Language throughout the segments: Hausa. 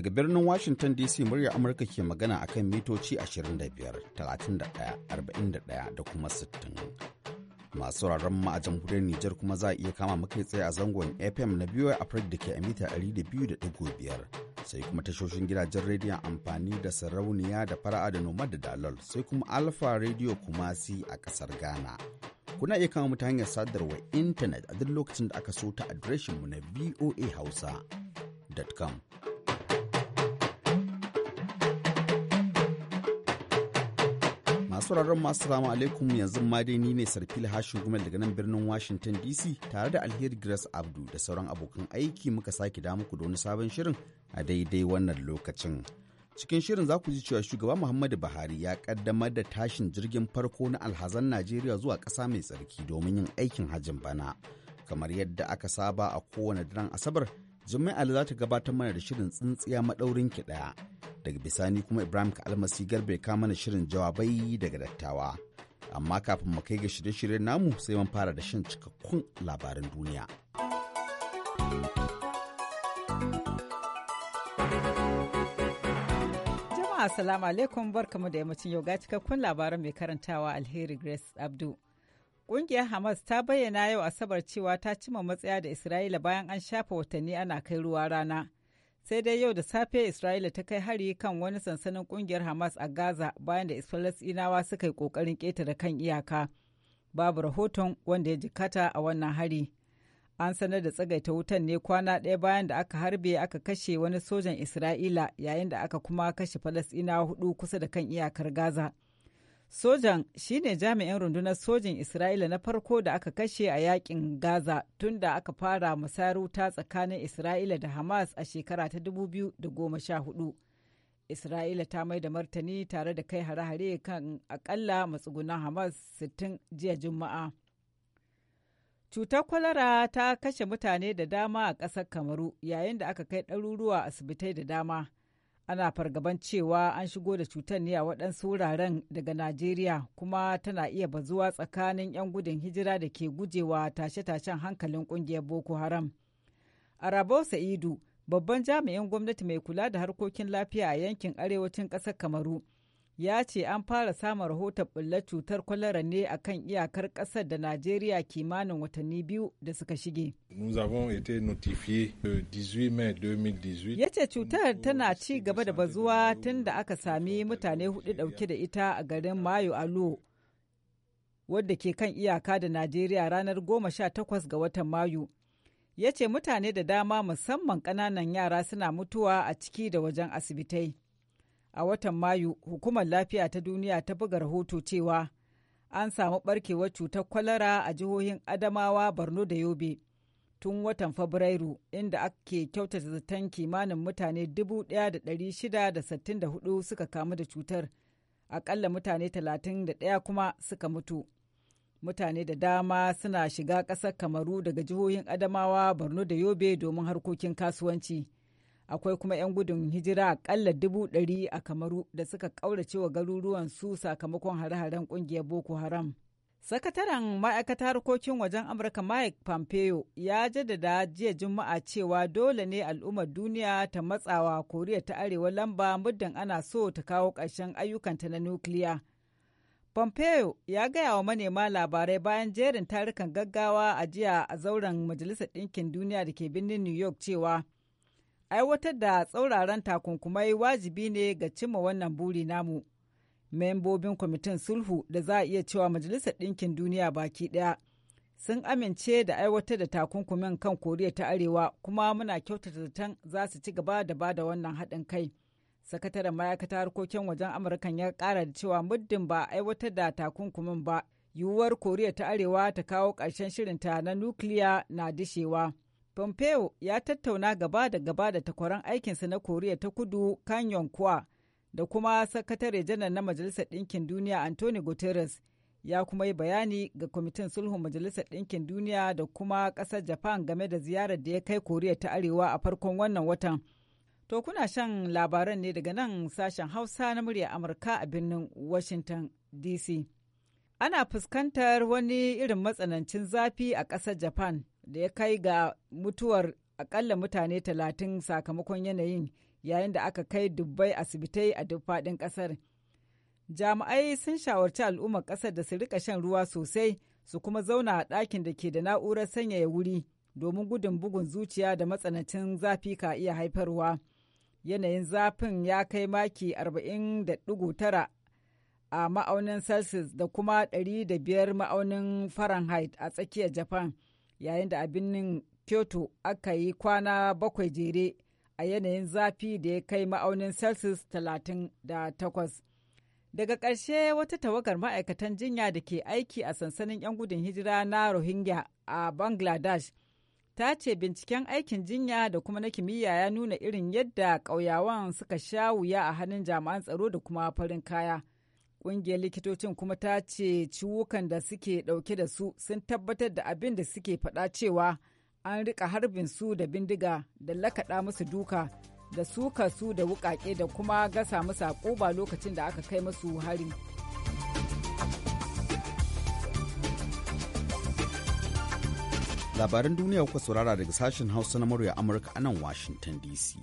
Daga birnin Washington DC murya Amurka ke magana a kan mitoci 25, 31, 41 da kuma 60. Masu sauraron mu a jamhuriyar Nijar kuma za a iya kama muka tsaye a zangon FM na biyu a da ke a mita 200.5. sai kuma tashoshin gidajen rediyon amfani da sarauniya da fara'a da noma da dalol sai kuma alfa rediyo kumasi a kasar ghana kuna iya kama ta hanyar sadarwa intanet a duk lokacin da aka so ta adireshinmu na voa hausa.com sauraron masu salamu alaikum yanzu ma dai ni ne sarfil hashin gumel daga nan birnin Washington DC tare da Alheri Grace Abdu da sauran abokan aiki muka sake da muku da wani sabon shirin a daidai wannan lokacin. Cikin shirin za ku ji cewa shugaba Muhammadu Buhari ya kaddamar da tashin jirgin farko na alhazan Najeriya zuwa ƙasa mai tsarki domin yin aikin hajin bana. Kamar yadda aka saba a kowane daren Asabar, zumai Ali za ta gabatar mana da shirin tsintsiya maɗaurin ki ɗaya. Daga bisani kuma Ibrahim Almasi Garbe ka mana shirin jawabai daga dattawa. Amma kafin mu kai ga shirye-shiryen namu sai mun fara da shan cikakkun labaran duniya. Jama'a salamu alaikum barkamu da yammacin yau ga cikakkun labarin mai karantawa alheri Grace Abdu. Ƙungiyar Hamas ta bayyana yau Asabar cewa ta cima matsaya da Isra'ila bayan an shafa watanni ana kai ruwa rana. Sai dai yau da safe Isra'ila ta kai hari kan wani sansanin ƙungiyar Hamas a Gaza bayan da Isfalasinawa suka yi ƙoƙarin ƙetare kan iyaka. Babu rahoton wanda ya jikata a wannan hari. An sanar da tsagaita wutan ne kwana ɗaya bayan da aka harbe aka kashe wani sojan Isra'ila yayin da aka kuma kashe Falasɗinawa hudu kusa da kan iyakar Gaza. Sojan shine jami'in rundunar sojin Isra'ila na farko da aka kashe a yakin Gaza tun da aka fara musayar wuta tsakanin Isra'ila da Hamas a shekara ta 2014. Isra'ila ta mai da martani tare da kai hare-hare kan akalla matsugunan Hamas 60 jiya Juma'a. Cutar kwalara ta kashe mutane da dama a ƙasar Kamaru yayin da aka kai ɗaruruwa asibitai da dama. ana fargaban cewa an shigo da cutar ne a waɗansu wuraren daga najeriya kuma tana iya bazuwa tsakanin 'yan gudun hijira da ke gujewa tashe-tashen hankalin ƙungiyar boko haram A Rabo sa'idu babban jami'in gwamnati mai kula da harkokin lafiya a yankin arewacin ƙasar kamaru ya ce an fara samun rahoton bulla cutar kwalara ne a kan iyakar ƙasar da Najeriya kimanin watanni biyu da suka shige. Ya ce cutar tana ci gaba da bazuwa tun da aka sami mutane hudu dauke da ita a garin Mayo Alo wadda ke kan iyaka da Najeriya ranar goma sha 18 ga watan Mayu. Ya ce mutane da dama musamman ƙananan yara suna mutuwa a ciki da wajen asibitai. a watan Mayu, Hukumar Lafiya ta Duniya ta buga rahoto cewa an samu barkewar cutar kwalara a jihohin Adamawa, Borno da Yobe tun watan Fabrairu, inda ake kyautata zaton kimanin mutane 1,664 suka kamu da cutar, akalla mutane 31 kuma suka mutu. Mutane da dama suna shiga ƙasar Kamaru daga jihohin Adamawa, Borno da Yobe domin harkokin kasuwanci. akwai kuma 'yan gudun hijira akalla dubu ɗari a kamaru da suka ƙaurace wa garuruwan su sakamakon hare-haren ƙungiyar boko haram sakataren ma'aikatar harkokin wajen amurka mike pompeo ya jaddada jiya juma'a cewa dole ne al'ummar duniya ta matsawa koriya ta arewa lamba muddin ana so ta kawo ƙarshen ayyukanta na nukiliya pompeo ya gaya wa manema labarai bayan jerin tarukan gaggawa a jiya a zauren majalisar ɗinkin duniya da ke birnin new york cewa aiwatar da tsauraran takunkumai wajibi ne ga cimma wannan buri namu membobin kwamitin sulhu da za a iya cewa majalisar ɗinkin duniya baki ɗaya sun amince da aiwatar da takunkumin kan koriya ta arewa kuma muna kyautata zaton za su ci gaba da ba da wannan haɗin kai sakataren ma'aikata harkokin wajen amurkan ya ƙara da cewa muddin ba aiwatar da takunkumin ba yiwuwar koriya ta arewa ta kawo ƙarshen shirinta na nukiliya na dishewa Pompeo ya tattauna gaba da gaba da takwaran aikinsa na Koriya ta kudu kan Yonkwa da kuma sakatare janar na Majalisar Ɗinkin Duniya Anthony Guterres ya kuma yi bayani ga kwamitin sulhun Majalisar Ɗinkin Duniya da kuma ƙasar Japan game da ziyarar da ya kai Koriya ta Arewa a farkon wannan watan. To kuna shan labaran ne daga nan sashen Hausa na murya Amurka a birnin Washington DC. Ana fuskantar wani irin matsanancin zafi a ƙasar Japan. da ya kai ga mutuwar akalla mutane talatin sakamakon yanayin yayin da aka kai dubbai asibitai a duk faɗin ƙasar. Jami'ai sun shawarci al'ummar ƙasar da su rika shan ruwa sosai su kuma zauna a ɗakin da ke da na'urar sanyaya wuri domin gudun bugun zuciya da matsanancin zafi ka iya haifarwa. Yanayin zafin ya kai maki 40.9 a ma'aunin Celsius da kuma 105 ma'aunin Fahrenheit a tsakiyar Japan. yayin da a birnin Kyoto aka yi kwana bakwai jere a yanayin zafi da ya kai ma'aunin Celsius takwas? Daga ƙarshe wata tawagar ma'aikatan jinya da ke aiki a sansanin 'yan gudun hijira na Rohingya a Bangladesh ta ce binciken aikin jinya da kuma na kimiyya ya nuna irin yadda ƙauyawan suka sha wuya a hannun jami'an tsaro da kuma farin kaya. Ƙungiyar likitocin kuma ta ce ciwukan da suke ɗauke da su sun tabbatar da abin da suke faɗa cewa an rika harbin su da bindiga da lakaɗa musu duka da suka su da wuƙaƙe da kuma gasa musu ba lokacin da aka kai musu hari. Labaran duniya kuka saurara daga sashen Hausa na murya Amurka a nan Washington DC.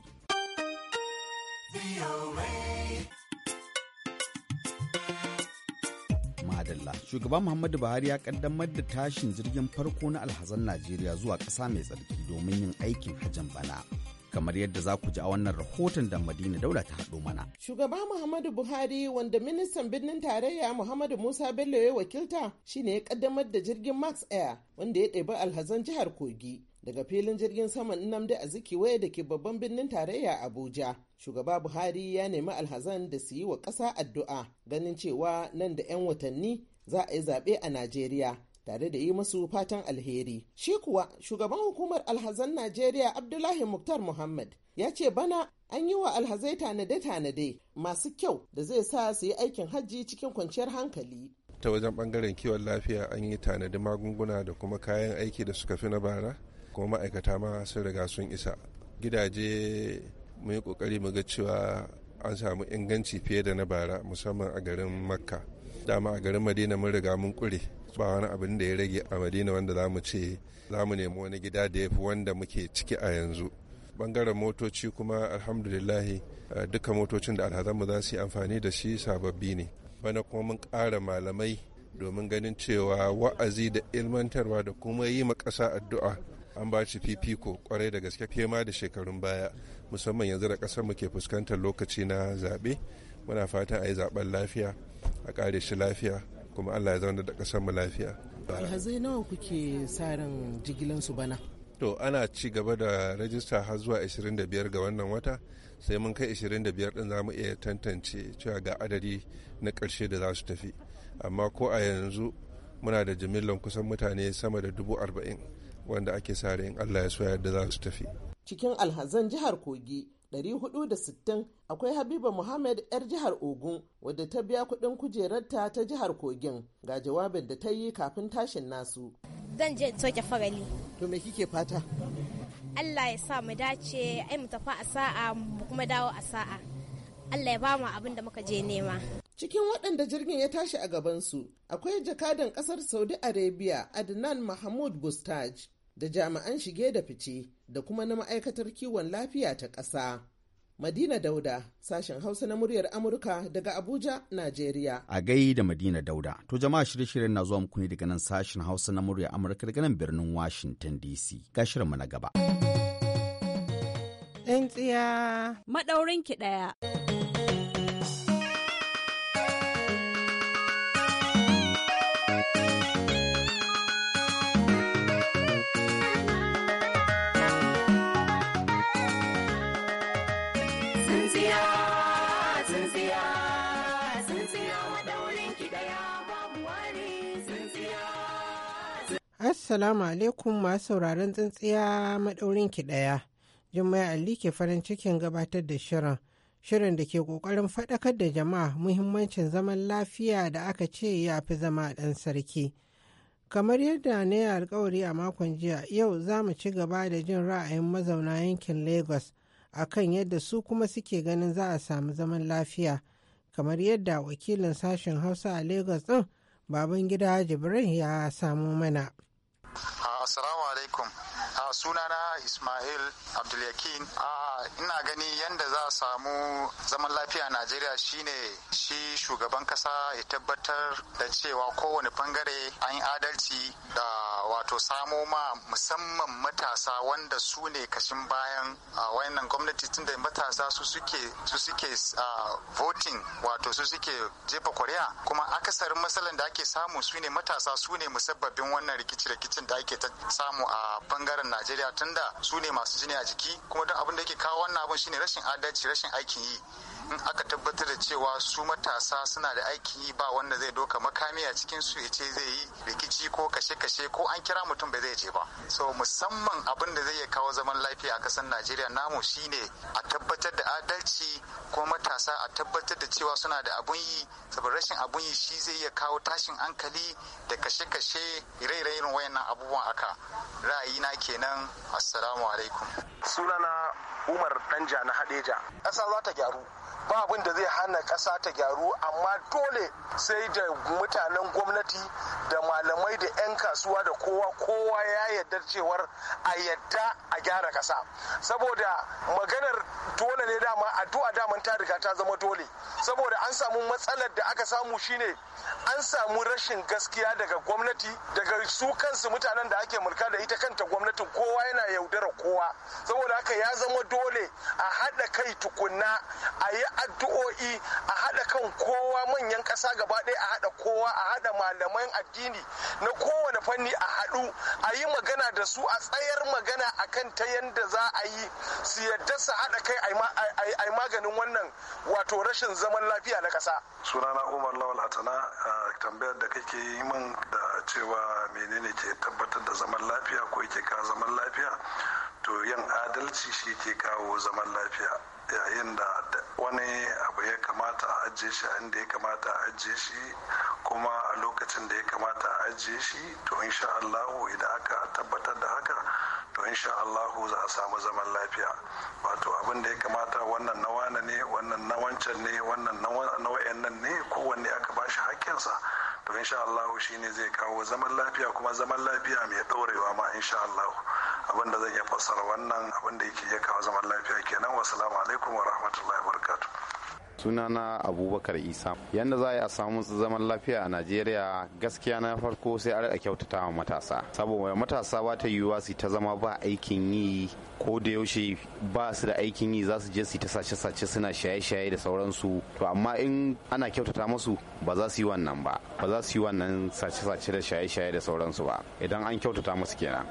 Adalla. shugaba muhammadu buhari ya kaddamar da tashin jirgin farko na alhazan najeriya zuwa ƙasa mai tsarki domin yin aikin hajjan bana kamar yadda za ku ji a wannan rahoton da madina daula ta haɗo mana shugaba muhammadu buhari wanda ministan birnin tarayya muhammadu musa bello ya wakilta shine ya kaddamar da jirgin max air wanda ya ɗebi alhazan jihar kogi daga filin jirgin saman nnamdi azikiwe da ke babban birnin tarayya abuja shugaba buhari ya nemi alhazan da su yi wa ƙasa addu'a ganin cewa nan da 'yan watanni za a yi zaɓe a najeriya tare da yi masu fatan alheri shi kuwa shugaban hukumar alhazan najeriya abdullahi muktar muhammad ya ce bana an yi wa alhazai tanade-tanade masu kyau da zai sa su yi aikin hajji cikin kwanciyar hankali ta wajen bangaren kiwon lafiya an yi tanadi magunguna da kuma kayan aiki da suka fi na bara kuma ma'aikata ma sun riga sun isa gidaje mu yi kokari mu ga cewa an samu inganci fiye da na bara musamman a garin makka dama a garin madina mun riga mun kure ba wani abin da ya rage a madina wanda za mu ce za mu nemi wani gida da ya fi wanda muke ciki a yanzu bangaren motoci kuma alhamdulillahi eh, duka motocin da alhazanmu za su yi amfani da shi sababbi ne bana kuma mun ƙara malamai domin ganin cewa wa'azi da ilmantarwa da kuma yi ma ƙasa addu'a an ba fifiko kwarai da gaske fiye ma da shekarun baya musamman yanzu da kasar mu ke fuskantar lokaci na zaɓe muna fatan a yi zaɓen lafiya a ƙare shi lafiya kuma Allah ya zauna da ƙasar mu lafiya. Alhazai nawa kuke tsarin jigilan su bana? To ana ci gaba da rajista har zuwa 25 ga wannan wata sai mun kai 25 din za mu iya tantance cewa ga adadi na karshe da za su tafi. Amma ko a yanzu muna da jimillan kusan mutane sama da dubu arba'in wanda ake sa in Allah ya so yadda za su tafi. cikin alhazan jihar kogi 460 akwai habiba muhammad yar jihar ogun wadda ta biya kudin kujerarta ta jihar kogin ga jawabin da ta yi kafin tashin nasu zan je soke farali to me kike fata allah ya sa mu dace ai mu tafi a sa'a mu kuma dawo a sa'a allah ya ba mu abin da muka je nema cikin waɗanda jirgin ya tashi a gabansu akwai jakadan ƙasar saudi arabia adnan mahmud bustaj da jami'an shige da fice da kuma na ma'aikatar kiwon lafiya ta ƙasa. Madina Dauda, sashen Hausa na muryar Amurka daga Abuja, Najeriya. A gai da Madina Dauda, to jama'a shirye-shiryen na zuwa muku ne daga nan sashen Hausa na muryar Amurka daga nan birnin Washington DC. Ga shirinmu na gaba. Ɗan tsiya. Maɗaurin ki ɗaya. tsintsiya tsintsiya tsintsiya madaurin ki daya babu Assalamu alaikum masu sauraron tsintsiya maɗaurin ki daya Jummai Ali ke farin cikin gabatar da shirin shirin da ke ƙoƙarin faɗakar da jama'a muhimmancin zaman lafiya da aka ce ya fi zama ɗan sarki. Kamar yadda na yi alkawari a makon jiya, yau za mu ci gaba da jin ra'ayin mazauna yankin Lagos akan yadda su kuma suke ganin za a samu zaman lafiya kamar yadda wakilin sashen hausa a lagos din baban gida jibrin ya samu mana assalamu alaikum sunana ismail abdulyakin a ina gani yadda za a samu zaman lafiya a najeriya shine shi shugaban kasa ya tabbatar da cewa kowane bangare an yi adalci da wato samo ma musamman matasa wanda su ne kashin bayan a wayannan gwamnati tunda matasa su suke su suke voting wato su suke jefa kuri'a kuma akasarin matsalan da ake samu su ne matasa su ne musabbabin wannan rikici-rikicin da ake samu a bangaren Najeriya tunda su ne masu jini a jiki kuma don abin da yake kawo wannan abin shine rashin adalci rashin aikin yi in aka tabbatar da cewa su matasa suna da aikin yi ba wanda zai doka makami a cikin su ya ce zai yi rikici ko kashe-kashe ko an kira mutum bai zai je ba so musamman abin da zai kawo zaman lafiya a kasar najeriya namu shine a tabbatar da adalci ko matasa a tabbatar da cewa suna da abun yi saboda rashin abun yi shi zai iya kawo tashin hankali da kashe-kashe ire-ire irin wayannan abubuwan aka ra'ayina kenan assalamu alaikum sunana umar danja na hadeja ƙasa za ta gyaru ba abin da zai hana ƙasa ta gyaru amma dole sai da mutanen gwamnati da malamai da 'yan kasuwa da kowa kowa ya yarda cewar a yadda a gyara ƙasa saboda maganar dole ne dama addu'a daman ta riga ta zama dole saboda an samu matsalar da aka samu shine an samu rashin gaskiya daga gwamnati daga su kansu mutanen da ake mulka da ita kanta gwamnatin kowa yana yaudara kowa saboda haka ya zama dole a haɗa kai tukunna a yi addu'o'i a haɗa kan kowa manyan ƙasa gaba ɗaya a haɗa kowa a haɗa malaman addini na kowane fanni a haɗu a yi magana da su a tsayar magana a kan ta yadda za a yi su yadda su haɗa kai a maganin wannan wato rashin zaman lafiya na ƙasa. sunana umar lawal atana tambayar da kake yi min da cewa menene ke tabbatar da zaman lafiya ko yake ka zaman lafiya to yan adalci shi ke kawo zaman lafiya yayin da wani abu ya kamata a ajiye shi a inda ya kamata a ajiye shi kuma a lokacin da ya kamata a ajiye shi to insha Allahu idan aka tabbatar da haka to insha Allahu za a samu zaman lafiya wato abin da ya kamata wannan na wane ne wannan na wancan ne wannan na wayannan ne kowanne aka ba shi hakkinsa to insha Allahu shine zai kawo zaman lafiya kuma zaman lafiya mai ɗorewa ma insha Allahu abin da zai iya fassara wannan abin da yake ya kawo zaman lafiya kenan wasalamu alaikum wa rahmatullahi wa sunana abubakar isa yadda za a samu zaman lafiya a najeriya gaskiya na farko sai a rika kyautata wa matasa saboda matasa ba ta yiwuwa su ta zama ba aikin yi ko da yaushe ba su da aikin yi za su je su ta sace sace suna shaye shaye da sauransu to amma in ana kyautata musu ba za su yi wannan ba ba za su yi wannan sace sace da shaye shaye da sauransu ba idan an kyautata musu kenan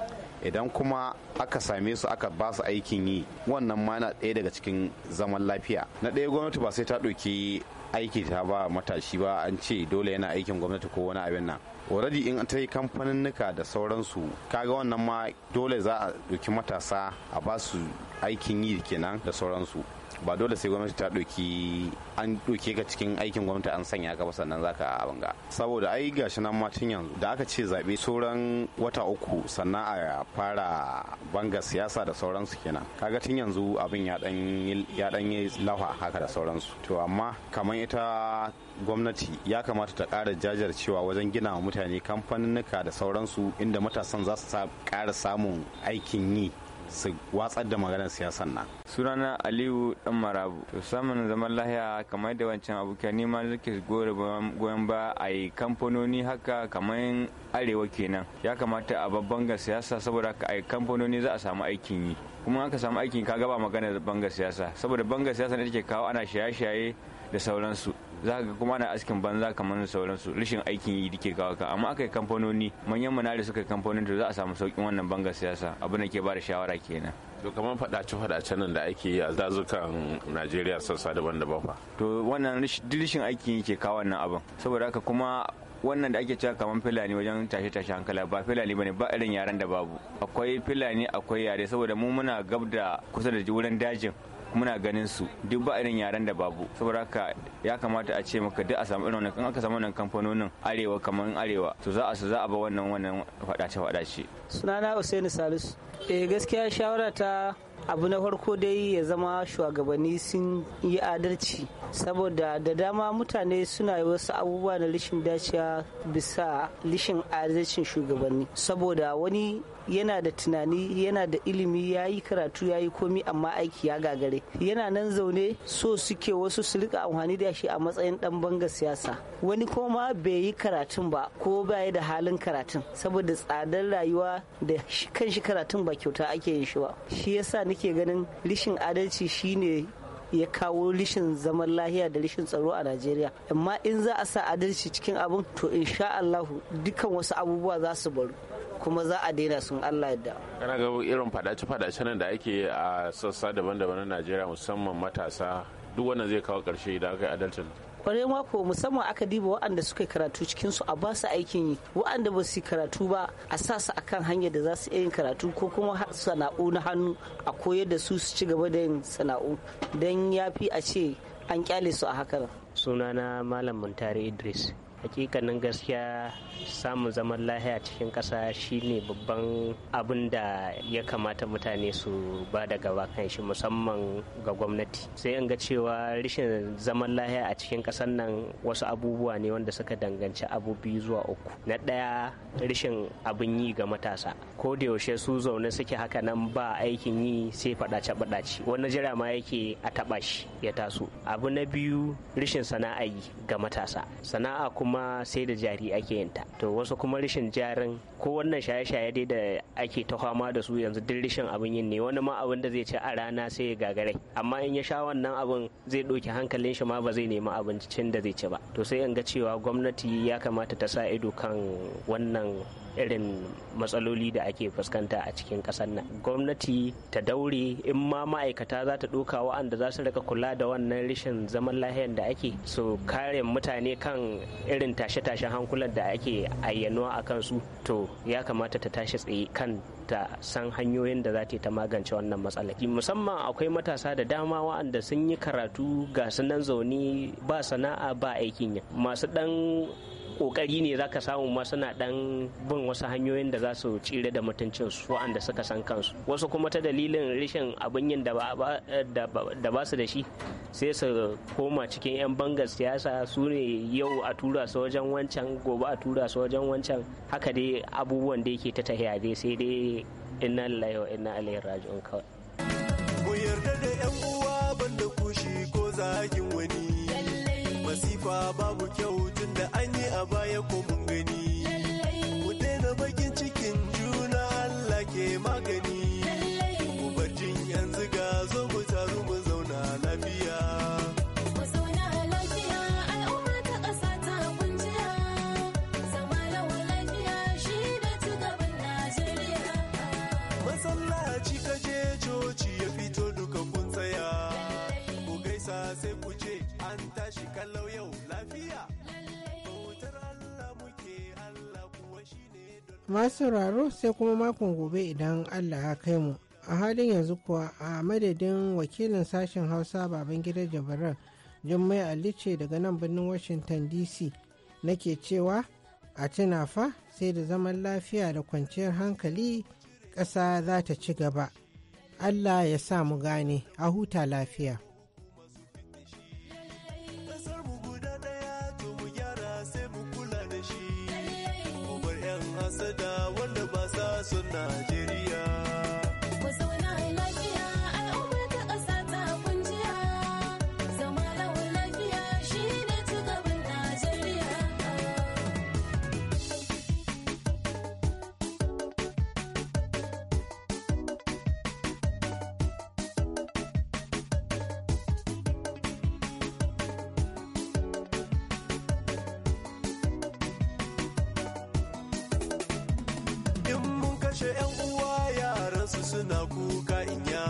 idan kuma aka same su aka ba su aikin yi wannan ma na ɗaya daga cikin zaman lafiya na ɗaya gwamnati ba sai ta ɗauki aiki ta ba matashi ba an ce dole yana aikin gwamnati ko wani abin nan already in ta yi kamfaninnika da sauransu kaga wannan ma dole za a ɗauki matasa a ba su aikin yi kenan da sauransu ba dole sai gwamnati ta doki an ɗauke ka cikin aikin gwamnati an sanya ka ba sannan zaka banga. saboda ai gashi nan ma tun yanzu da aka ce zaɓe sauran wata uku sannan a fara banga siyasa da sauransu kenan kaga tun yanzu abin ya dan ya dan yi lafa haka da sauransu to amma kamar ita gwamnati ya kamata ta kara jajircewa wajen gina wa mutane kamfaninnika da sauransu inda matasan za su ƙara samun aikin yi su watsar da maganar siyasan nan sunana aliyu dan marabu to samun zaman lahiya kamar da wancan abokan nima nake goyon ba a yi kamfanoni haka kamar arewa kenan ya kamata a babban ga siyasa saboda a yi kamfanoni za a samu aikin yi kuma aka samu aikin ka gaba magana banga siyasa saboda banga siyasa ne take kawo ana shaye-shaye da sauransu za ga kuma na askin banza kamar sauransu rashin aikin yi dike kawo ka amma aka yi kamfanoni manyan da suka yi kamfanoni to za a samu saukin wannan bangar siyasa abin da ke ba da shawara kenan to kamar faɗace-faɗace nan da ake yi a dazukan najeriya sassa daban-daban fa to wannan rishin aikin yake kawo wannan abin saboda haka kuma wannan da ake cewa kamar filani wajen tashe tashe hankala ba filani bane ba irin yaren da babu akwai filani akwai yare saboda mu muna gab da kusa da wurin dajin muna ganin su duk ba irin yaren da babu saboda haka ya kamata a ce maka duk a samu irin wannan aka samu wannan kamfanonin arewa kamar arewa to za a su za a ba wannan wannan faɗace ce. sunana Usaini Salisu eh gaskiya shawara ta abu na farko dai ya zama shugabanni sun yi adalci saboda da dama mutane suna yi wasu abubuwa na lishin daciya bisa lishin adalcin shugabanni saboda wani yana da tunani yana da ilimi ya yi karatu ya yi komi amma aiki ya gagare yana nan zaune so suke wasu su rika amfani da shi a matsayin dan banga siyasa wani koma bai yi karatun ba ko baya da halin karatun saboda tsadar rayuwa da kan shi karatun ba kyauta ake yin shi ba shi yasa ni muke ganin rishin adalci shine ya kawo rishin zaman lahiya da rishin tsaro a Najeriya. Amma in za a sa adalci cikin abin to insha Allahu dukkan wasu abubuwa za su baru kuma za a daina sun Allah yadda. Kana ga irin fadace-fadace nan da ake a sassa daban-daban na Najeriya musamman matasa duk wannan zai kawo karshe idan aka yi adalcin. kwarai mako musamman aka diba waɗanda suka yi karatu cikin su a ba su aikin yi waɗanda ba su yi karatu ba a sa su akan hanyar da za su yi karatu ko kuma sana'u na hannu a koyar da su su ci gaba da yin sana'u don ya fi a ce an kyale su a hakan sunana malam muntari idris hakikanin gaskiya samun zaman lahiya cikin ƙasa shine babban abin da ya kamata mutane su ba da gaba kan shi musamman ga gwamnati sai an ga cewa rashin zaman lahiya a cikin ƙasar nan wasu abubuwa ne wanda suka danganci abu biyu zuwa uku na ɗaya rashin abin yi ga matasa ko da yaushe su zaune suke haka nan ba aikin yi sai faɗace faɗace wani jira ma yake a taɓa shi ya taso abu na biyu rashin sana'a yi ga matasa sana'a kuma kuma sai da jari ake yin ta to wasu kuma rashin jarin ko wannan shaye-shaye dai da ake ta fama da su yanzu duk rashin abin yin ne wani ma abin da zai ci a rana sai ya gagare amma in ya sha wannan abin zai ɗauki hankalin shi ma ba zai nemi abincin da zai ci ba to sai in ga cewa gwamnati ya kamata ta sa ido kan wannan irin matsaloli da ake fuskanta a cikin ƙasar nan gwamnati ta daure in ma ma'aikata za ta ɗoka wa'anda za su rika kula da wannan rashin zaman lahiyar da ake su kare mutane kan irin tashe-tashen hankulan da ake ayyanuwa a kansu to ya kamata ta tashi tsaye kan ta san hanyoyin da za ta ta magance wannan matsala musamman akwai matasa da dama wa'anda sun yi karatu ga sunan zaune ba sana'a ba aikin yi masu ɗan kokari ne zaka samu ma suna dan bin wasu hanyoyin da za su tsire da mutuncin su waɗanda suka san kansu wasu kuma ta dalilin rashin abin yin da ba su da shi sai su koma cikin 'yan bangar siyasa su ne yau a tura su wajen wancan gobe a tura su wajen wancan haka dai abubuwan da yake ta tahiya dai sai dai inna lillahi wa inna ilaihi raji'un kawai ku yarda da 'yan uwa banda kushi ko zagin fa babu kyau tun da an yi a baya ko mun gani. Ku daina bakin cikin juna Allah ke magani. Ku bar jin yanzu ga zo mu taru mu zauna lafiya. Masallaci kaje coci ya fito duka kun tsaya, ku gaisa sai ku masu sauraro sai kuma makon gobe idan allah ya kai mu a halin yanzu kuwa a madadin wakilin sashen hausa baban gida jabarar jummai alice daga nan birnin washington dc nake cewa a tuna sai da zaman lafiya da kwanciyar hankali ƙasa za ta ci gaba allah ya sa mu gane a huta lafiya Ashe yan uwa yaran su suna kuka inya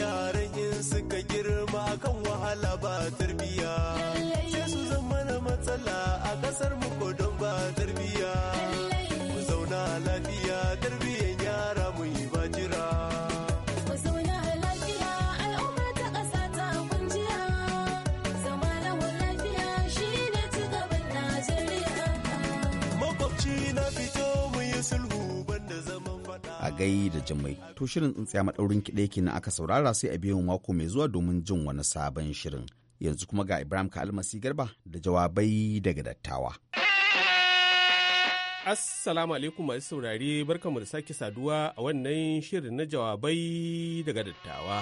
yaran in suka girma kan wahala ba tarbiya sai su zama na matsala a kasar mu ko don ba tarbiya gai da jimai to shirin tsintsiya maɗaurin kiɗe ke na aka saurara sai a biyan mako mai zuwa domin jin wani sabon shirin yanzu kuma ga ibrahim ka almasi garba da jawabai daga dattawa assalamu alaikum masu saurare barkamu da sake saduwa a wannan shirin na jawabai daga dattawa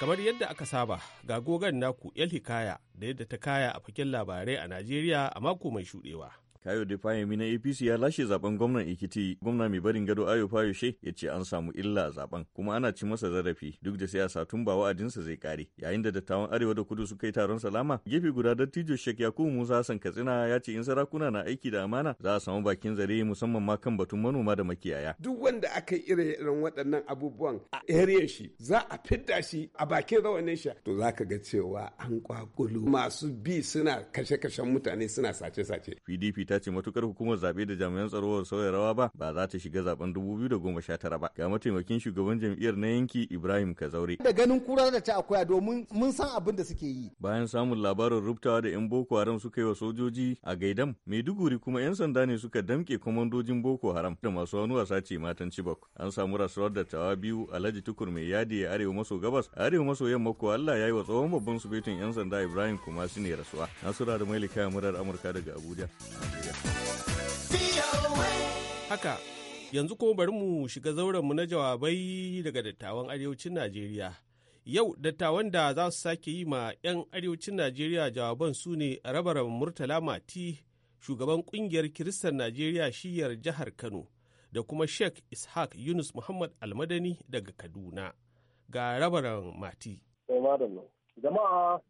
kamar yadda aka saba ga gogan naku yal hikaya da yadda ta kaya a fakin labarai a najeriya a mako mai shuɗewa. Kayode Fahimi na APC ya lashe zaben gwamnan Ekiti, gwamna mai barin gado Ayo Fayoshe ya ce an samu illa a zaben kuma ana ci masa zarafi duk da sai a satun ba wa'adinsa zai kare. Yayin da dattawan Arewa da Kudu suka yi taron salama, gefe guda dattijo Sheikh Yakubu Musa Hassan Katsina ya ce in sarakuna na aiki da amana za a samu bakin zare musamman ma kan batun manoma da makiyaya. Duk wanda aka yi irin waɗannan abubuwan a area shi za a fidda shi a bakin rawanin shi to za ka ga cewa an kwakulu masu bi suna kashe-kashen mutane suna sace-sace. PDP ta ta ce matukar hukumar zaɓe da jami'an tsaro sauya rawa ba ba za ta shiga zaben 2019 ba ga mataimakin shugaban jam'iyyar na yanki Ibrahim Kazaure da ganin kura da ta akwai domin mun san abin da suke yi bayan samun labarin rubtawa da yan Boko Haram suka yi wa sojoji a Gaidam Maiduguri kuma yan sanda ne suka damke kwamandojin Boko Haram da masu wani wasa ce matan Chibok an samu rasuwar da tawa biyu Alhaji Tukur mai yadi a arewa maso gabas arewa maso yamma ko Allah ya yi wa tsohon babban sufetin yan sanda Ibrahim kuma su ne rasuwa Nasura da Mailika murar Amurka daga Abuja. Haka, yanzu kuma bari mu shiga zauren mu na jawabai daga dattawan arewacin Najeriya. Yau dattawan da za su sake yi ma 'yan arewacin Najeriya jawaban su ne rabar Murtala Mati, shugaban kungiyar Kiristan Najeriya shiyar jihar Kano, da kuma Sheikh Ishaq Yunus Muhammad Almadani daga Kaduna. Ga rabaran Mati. Jama'a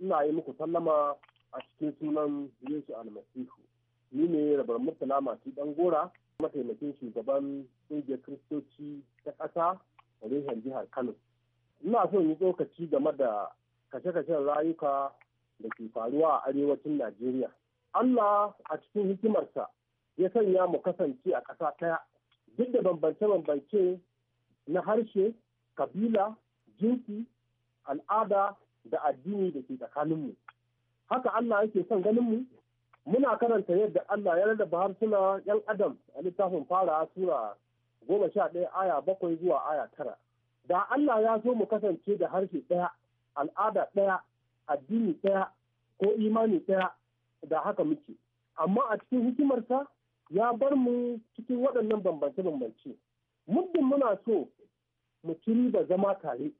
ina yi muku sallama a cikin sunan Yesu Almasihu. ni ne rabar murtala masu dan gora mataimakin shugaban ƙungiyar kiristoci ta ƙasa a rehen jihar kano ina son yi tsokaci game da kashe-kashen rayuka da ke faruwa a arewacin najeriya allah a cikin hikimarsa ya sanya mu kasance a ƙasa ɗaya duk da bambance-bambance na harshe kabila jinsi al'ada da addini da ke tsakaninmu haka allah yake son ganinmu muna karanta yadda Allah ya rarraba harsuna 'yan adam a littafin fara sura goma sha ɗaya aya bakwai zuwa aya tara. Da Allah ya so mu kasance da harshe ɗaya, al'ada ɗaya, addini ɗaya, ko imani ɗaya, da haka muke. Amma a cikin hikimarsa ya bar mu cikin waɗannan bambance-bambance. Muddin muna so mu ci riba zama tare,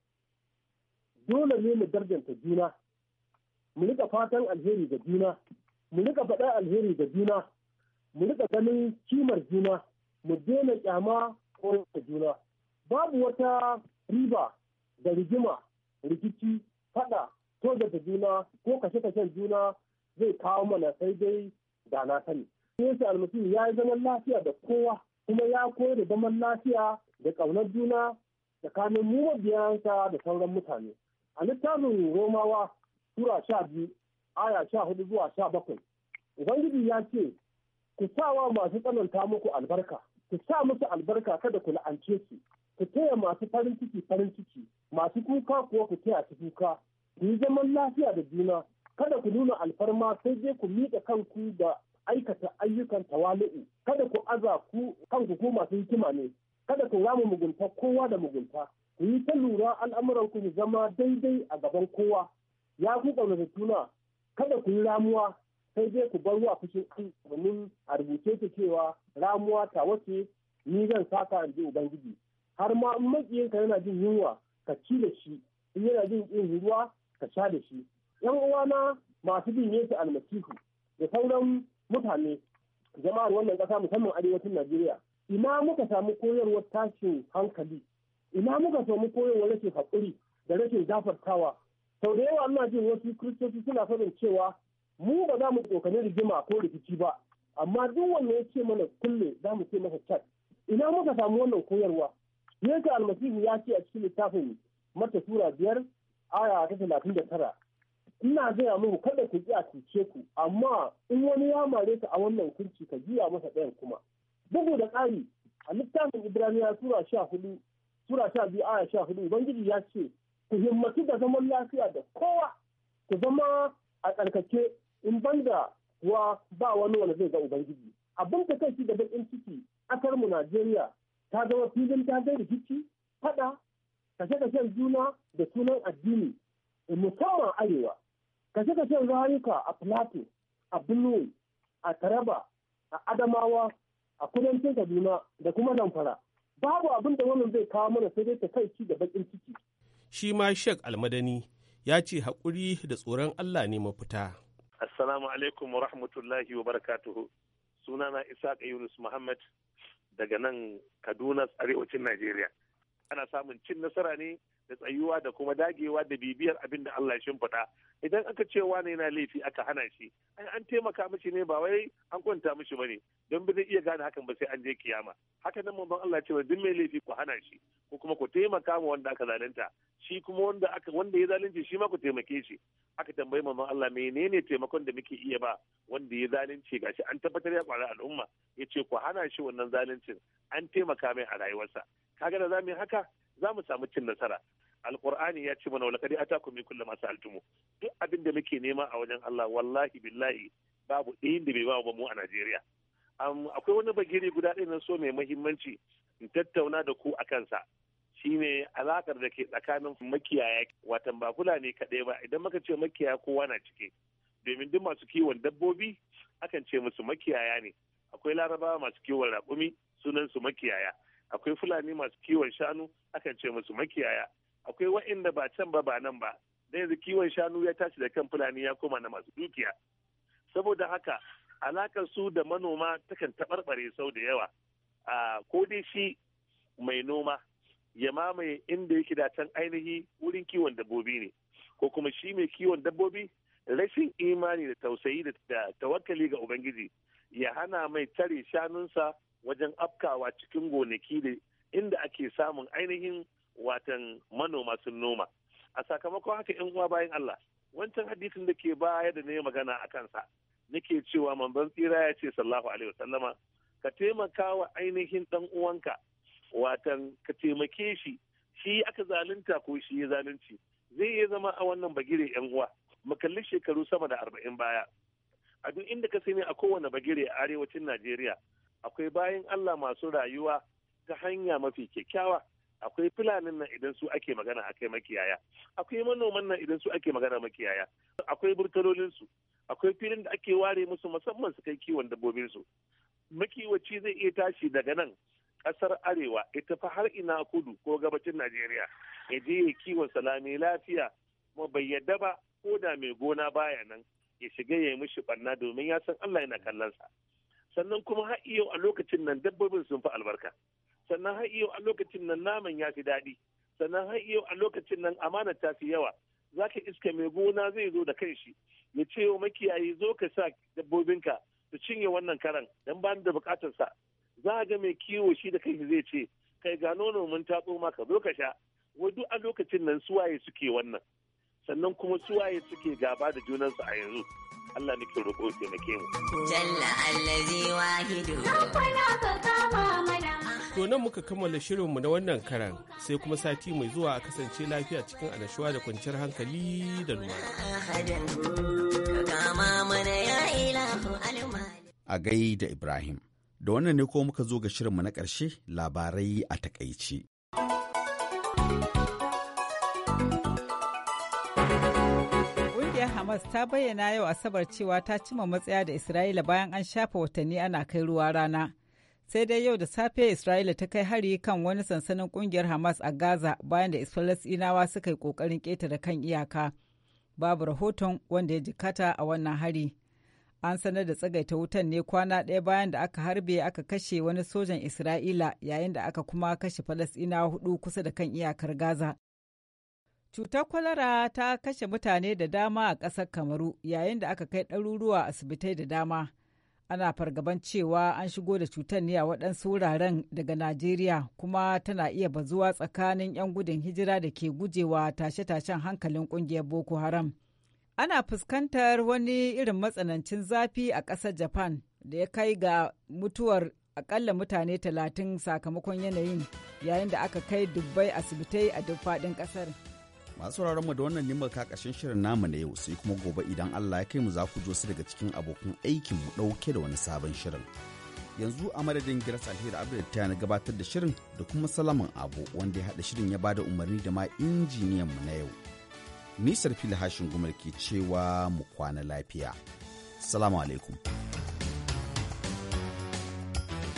dole ne mu darjanta juna, mu riƙa fatan alheri ga juna, mu rika faɗa alheri da juna mu rika ganin kimar juna mu daina kyama ko juna babu wata riba da rigima rikici faɗa ko da juna ko kashe-kashen juna zai kawo mana sai dai da na sani yesu almasihu ya yi zaman lafiya da kowa kuma ya koyar da zaman lafiya da ƙaunar juna tsakanin mu mabiyansa da sauran mutane a littafin romawa tura sha biyu aya sha hudu zuwa sha bakwai ubangiji ya ce ku sawa masu tsananta muku albarka ku sa musu albarka kada ku la'ance su ku taya masu farin ciki farin ciki masu kuka kuwa ku taya su kuka ku yi zaman lafiya da juna kada ku nuna alfarma sai je ku miƙa kanku da aikata ayyukan tawali'u kada ku aza ku kanku ko masu hikima ne kada ku rama mugunta kowa da mugunta ku yi ta lura al'amuran ku zama daidai a gaban kowa ya ku ƙaunar juna kada ku yi ramuwa sai dai ku bar ruwa fushin an domin a rubuce ta cewa ramuwa ta wace ni zan saka in ji ubangiji har ma in makiyinka yana jin yunwa ka ci da shi in yana jin ƙin ruwa ka sha da shi yan uwana masu bin yesu almasihu da sauran mutane jama'ar wannan ƙasa musamman arewacin najeriya ina muka samu koyarwar tashin hankali ina muka samu koyarwar rashin haƙuri da rashin gafartawa sau da yawa ina jin wasu kiristoci suna faɗin cewa mu ba za mu tsokane rigima ko rikici ba amma duk wanda ya ce mana kulle za mu ce masa cat ina muka samu wannan koyarwa yesu almasihu ya ce a cikin littafin mata sura biyar aya ta talatin da tara ina gaya muku kada ku ji a cuce ku amma in wani ya mare ka a wannan kurci ka jiya masa ɗayan kuma bugu da ƙari a littafin ibraniya sura sha hudu sura sha biyu aya sha hudu ubangiji ya ce ku himmatu da zaman lafiya da kowa ku zama a tsarkake in ban da kuwa ba wani wani zai ga ubangiji abin da kai da bakin ciki kasar mu Najeriya ta zama filin ta zai rikici fada kashe-kashen juna da sunan addini musamman arewa kashe-kashen rayuka a plateau a bulu, a taraba a adamawa a kudancin kaduna da kuma zamfara babu abin da wannan zai kawo mana sai dai ta kai ci da bakin ciki shi ma Sheikh Almadani ya ce haƙuri da tsoron Allah ne mafita. Assalamu alaikum wa rahmatullahi wa barakatuhu. na Isaac Yunus Muhammad daga nan Kaduna arewacin Najeriya. Ana samun cin nasara ne da tsayuwa da kuma dagewa da bibiyar abin da Allah ya shimfiɗa idan aka ce wani yana laifi aka hana shi ai an taimaka mishi ne ba wai an kwanta mishi bane don ba zai iya gane hakan ba sai an je kiyama haka nan manzon Allah ce duk mai laifi ku hana shi ko kuma ku taimaka ma wanda aka zalunta shi kuma wanda aka wanda ya zalunci shi ma ku taimake shi aka tambayi manzon Allah menene taimakon da muke iya ba wanda ya zalunce gashi an tabbatar ya kwara al'umma yace ku hana shi wannan zaluncin an taimaka mai a rayuwarsa kaga da zamu yi haka za mu samu cin nasara alqur'ani ya ce mana wala kadi atakum min kulli ma aljumu?' duk abin da muke nema a wajen Allah wallahi billahi babu ɗayan da bai ba ba mu a Najeriya akwai wani bagire guda ɗaya na so mai muhimmanci in tattauna da ku a kansa shine alakar da ke tsakanin makiyaya watan ba kula ne kaɗai ba idan muka ce makiyaya kowa na cike domin duk masu kiwon dabbobi akan ce musu makiyaya ne akwai larabawa masu kiwon raƙumi sunan su makiyaya akwai fulani masu kiwon shanu akan ce musu makiyaya akwai wa'inda ba can ba ba nan ba da yanzu kiwon shanu ya tashi da kan fulani ya koma na masu dukiya saboda haka alakar su da manoma takan taɓarɓare sau da yawa a ko dai shi mai noma ya mamaye inda yake da can ainihi wurin kiwon dabbobi ne ko kuma shi mai kiwon dabbobi rashin imani da tausayi da tawakali ga ubangiji ya hana mai tare shanunsa wajen afkawa cikin gonaki da inda ake samun ainihin watan manoma sun noma a sakamakon haka yan uwa bayan Allah wancan hadisin da ke baya da ne magana a kansa nake cewa manzon tsira ya ce sallahu alaihi wasallama ka taimaka wa ainihin dan uwanka watan ka taimake shi shi aka zalunta ko shi ya zalunci zai iya zama a wannan bagire yan uwa makalli shekaru sama da arba'in baya a duk inda ka sani a kowane bagire a arewacin najeriya akwai bayan Allah masu rayuwa ta hanya mafi kyakkyawa akwai fulanin nan idan su ake magana akai makiyaya akwai manoman nan idan su ake magana makiyaya akwai burtalolin su akwai filin da ake ware musu musamman su kai kiwon dabbobin su makiwaci zai iya tashi daga nan kasar arewa ita fa har ina kudu ko gabacin najeriya ya je ya kiwon salami lafiya kuma bai yadda ba ko da mai gona baya nan ya shiga ya yi mishi barna domin ya san allah yana kallonsa sannan kuma har iyo a lokacin nan dabbobin sun fi albarka sannan har iyo a lokacin nan naman ya fi daɗi sannan har iyo a lokacin nan amana ta fi yawa za ka iska mai gona zai zo da shi ya ce wa makiyayi zo ka sa dabbobinka su cinye wannan karan dan ba da bukatarsa za ga mai kiwo shi da shi zai ce kai ga nono mun tatso maka zo ka sha wai duk a lokacin nan suwaye suke wannan sannan kuma suwaye suke gaba da junansu a yanzu Allah nake roƙo ke mu. Jalla allazi wahidu. To nan muka kammala shirinmu na wannan karan sai kuma sati mai zuwa a kasance lafiya cikin annashuwa da kwanciyar hankali da ruwa. A gai da Ibrahim, da wannan ne ko muka zo ga shirinmu na ƙarshe labarai a takaici. Hamas ta bayyana yau Asabar cewa ta cima matsaya da Isra'ila bayan an shafa watanni ana kai ruwa rana. Sai dai yau da safe Isra'ila ta kai hari kan wani sansanin kungiyar Hamas a Gaza bayan da Falasɗinawa suka yi ƙoƙarin ƙetare kan iyaka. Babu rahoton wanda ya jikata a wannan hari. An sanar da tsagaita wutan ne kwana ɗaya bayan da aka harbe aka kashe wani sojan Isra'ila yayin da aka kuma kashe Falasɗinawa hudu kusa da kan iyakar Gaza. Cutar kwalara ta kashe mutane da dama a ƙasar Kamaru yayin da aka kai ɗaruruwa asibitai da dama. Ana fargaban cewa an shigo da cutar ne a waɗansu wuraren daga Najeriya kuma tana iya bazuwa tsakanin 'yan gudun hijira da ke gujewa tashe-tashen hankalin ƙungiyar Boko Haram. Ana fuskantar wani irin matsanancin zafi a ƙasar Japan da ya kai ga mutuwar akalla mutane talatin sakamakon yanayin yayin da aka kai dubbai asibitai a duk faɗin ƙasar. masu mu da wannan nimar kakashin shirin namu na yau sai kuma gobe idan Allah ya kai mu za ku zo su daga cikin abokan aikin mu ɗauke da wani sabon shirin. Yanzu a madadin Giras Alheri Abdul ta na gabatar da shirin da kuma Salaman Abu wanda ya haɗa shirin ya ba da umarni da ma injiniyan mu na yau. Nisar fili hashin gumar ke cewa mu kwana lafiya. Salamu alaikum.